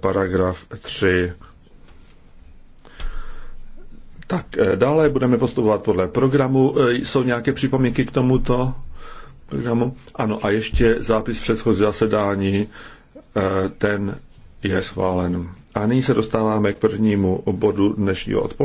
paragraf 3. Tak eh, dále budeme postupovat podle programu. Eh, jsou nějaké připomínky k tomuto programu? Ano, a ještě zápis předchozí zasedání, eh, ten je schválen. A nyní se dostáváme k prvnímu bodu dnešního odpoledne.